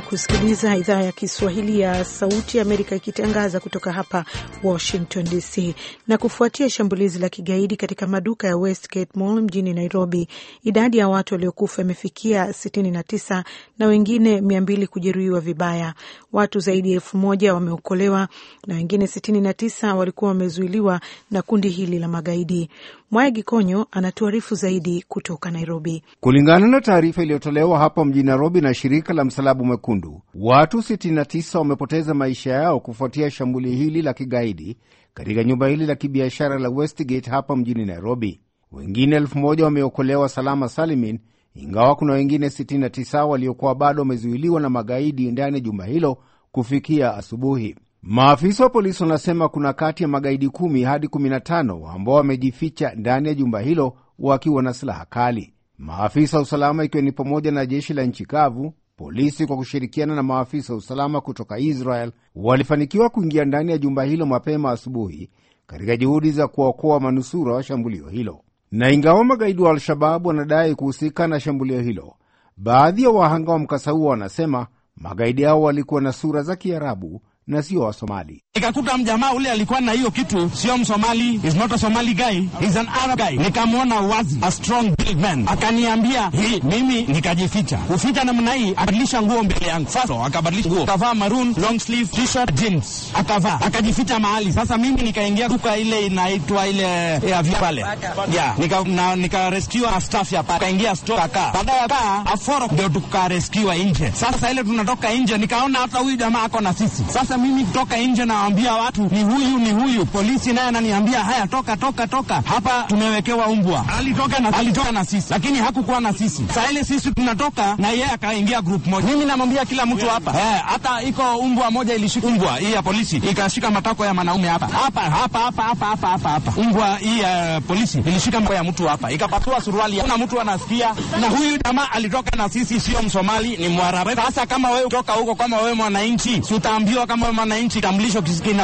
Unaendelea kusikiliza idhaa ya Kiswahili ya Sauti ya Amerika ikitangaza kutoka hapa Washington DC. Na kufuatia shambulizi la kigaidi katika maduka ya Westgate Mall mjini Nairobi, idadi ya watu waliokufa imefikia 69 na wengine 200 kujeruhiwa vibaya. Watu zaidi ya elfu moja wameokolewa na wengine 69 walikuwa wamezuiliwa na kundi hili la magaidi. Mwaya Gikonyo anatuarifu zaidi kutoka Nairobi. Kulingana na taarifa iliyotolewa hapa mjini Nairobi na shirika la msalabu Mwekundu, watu 69 wamepoteza maisha yao kufuatia shambulio hili la kigaidi katika nyumba hili la kibiashara la Westgate hapa mjini Nairobi. Wengine elfu moja wameokolewa salama salimin, ingawa kuna wengine 69 waliokuwa bado wamezuiliwa na magaidi ndani ya jumba hilo kufikia asubuhi. Maafisa wa polisi wanasema kuna kati ya magaidi kumi hadi 15 ambao wamejificha ndani ya jumba hilo wakiwa na silaha kali. Maafisa wa usalama ikiwa ni pamoja na jeshi la nchi kavu, polisi kwa kushirikiana na maafisa wa usalama kutoka Israel walifanikiwa kuingia ndani ya jumba hilo mapema asubuhi katika juhudi za kuwaokoa manusura wa shambulio hilo. Na ingawa magaidi wa Al-Shababu wanadai kuhusika na shambulio hilo, baadhi ya wahanga wa mkasa huo wanasema magaidi hao walikuwa na sura za Kiarabu na ziwa Somali. nikakuta mjamaa ule alikuwa na hiyo kitu, sio Msomali, is not a Somali guy, is an Arab guy. Nikamwona wazi, a strong big man, akaniambia hii. Mimi nikajificha, kuficha namna hii, akabadilisha nguo mbele yangu. Sasa akabadilisha nguo, akavaa maroon long sleeve t-shirt jeans, akavaa akajificha mahali. Sasa mimi nikaingia duka ile inaitwa ile ya eh, vipale ya nika na, nika rescue na staff ya pale, kaingia store ka baada ya kaa aforo ndio tuka rescue nje. Sasa ile tunatoka nje, nikaona hata huyu jamaa ako na sisi. Sasa mimi kutoka nje na kuambia watu ni huyu ni huyu. Polisi naye ananiambia haya, toka toka toka hapa, tumewekewa umbwa. Alitoka na, alitoka na sisi, lakini hakukuwa na sisi. Saa ile sisi tunatoka na yeye akaingia group moja. Mimi namwambia kila mtu hapa eh, hata iko umbwa moja ilishika umbwa hii ya polisi ikashika matako ya mwanaume hapa hapa hapa hapa hapa hapa hapa hapa. Umbwa hii ya polisi ilishika mko ya mtu hapa ikapatua suruali, kuna mtu anasikia. Na huyu jamaa alitoka na sisi, sio Msomali, ni Mwarabu. Sasa kama wewe kutoka huko, kama wewe mwananchi, si utaambiwa kama wewe mwananchi tambulisho kisiki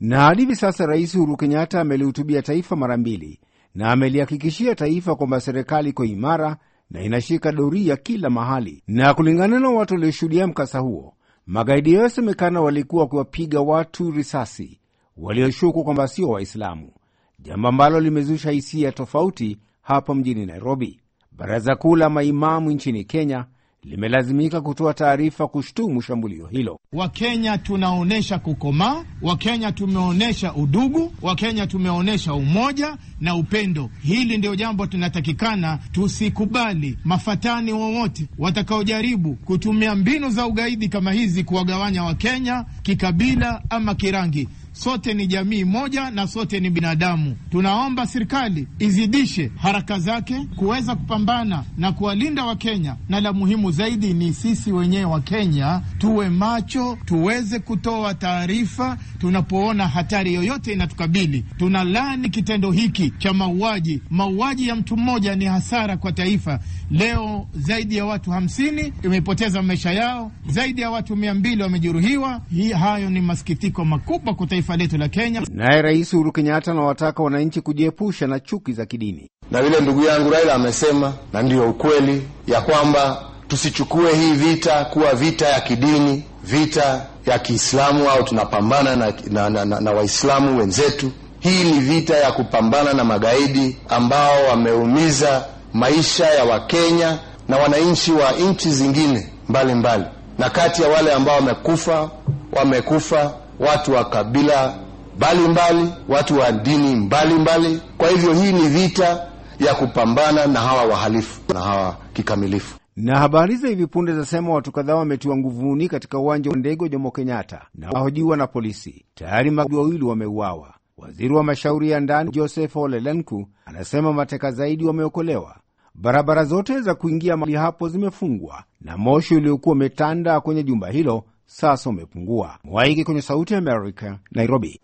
Na hadi hivi sasa Rais Uhuru Kenyatta amelihutubia taifa mara mbili na amelihakikishia taifa kwamba serikali iko imara na inashika doria kila mahali. Na kulingana na watu walioshuhudia mkasa huo, magaidi yayosemekana walikuwa wakiwapiga watu risasi walioshuku kwamba sio Waislamu, jambo ambalo limezusha hisia tofauti hapa mjini Nairobi. Baraza Kuu la Maimamu nchini Kenya limelazimika kutoa taarifa kushtumu shambulio hilo. Wakenya tunaonyesha kukomaa, Wakenya tumeonyesha udugu, Wakenya tumeonyesha umoja na upendo. Hili ndio jambo tunatakikana. Tusikubali mafatani wowote watakaojaribu kutumia mbinu za ugaidi kama hizi kuwagawanya Wakenya kikabila ama kirangi sote ni jamii moja na sote ni binadamu. Tunaomba serikali izidishe haraka zake kuweza kupambana na kuwalinda Wakenya, na la muhimu zaidi ni sisi wenyewe Wakenya tuwe macho, tuweze kutoa taarifa tunapoona hatari yoyote inatukabili. Tunalani kitendo hiki cha mauaji. Mauaji ya mtu mmoja ni hasara kwa taifa. Leo zaidi ya watu hamsini imepoteza maisha yao, zaidi ya watu mia mbili wamejeruhiwa. Hayo ni masikitiko makubwa kwa taifa taifa letu la Kenya. Naye Rais Uhuru Kenyatta anawataka wananchi kujiepusha na chuki za kidini, na vile ndugu yangu Raila amesema, na ndiyo ukweli ya kwamba tusichukue hii vita kuwa vita ya kidini, vita ya Kiislamu au tunapambana na, na, na, na, na Waislamu wenzetu. Hii ni vita ya kupambana na magaidi ambao wameumiza maisha ya Wakenya na wananchi wa nchi zingine mbalimbali mbali. Na kati ya wale ambao wamekufa wamekufa watu wa kabila mbalimbali, watu wa dini mbalimbali. Kwa hivyo hii ni vita ya kupambana na hawa wahalifu na hawa kikamilifu na habari za hivi punde zasema watu kadhaa wametiwa nguvuni katika uwanja wa ndege wa Jomo Kenyatta na wahojiwa na polisi. Tayari magaidi wawili wameuawa. Waziri wa mashauri ya ndani Joseph Ole Lenku anasema mateka zaidi wameokolewa. Barabara zote za kuingia mahali hapo zimefungwa na moshi uliokuwa umetanda kwenye jumba hilo sasa umepungua. Mwaiki kwenye Sauti ya Amerika, Nairobi.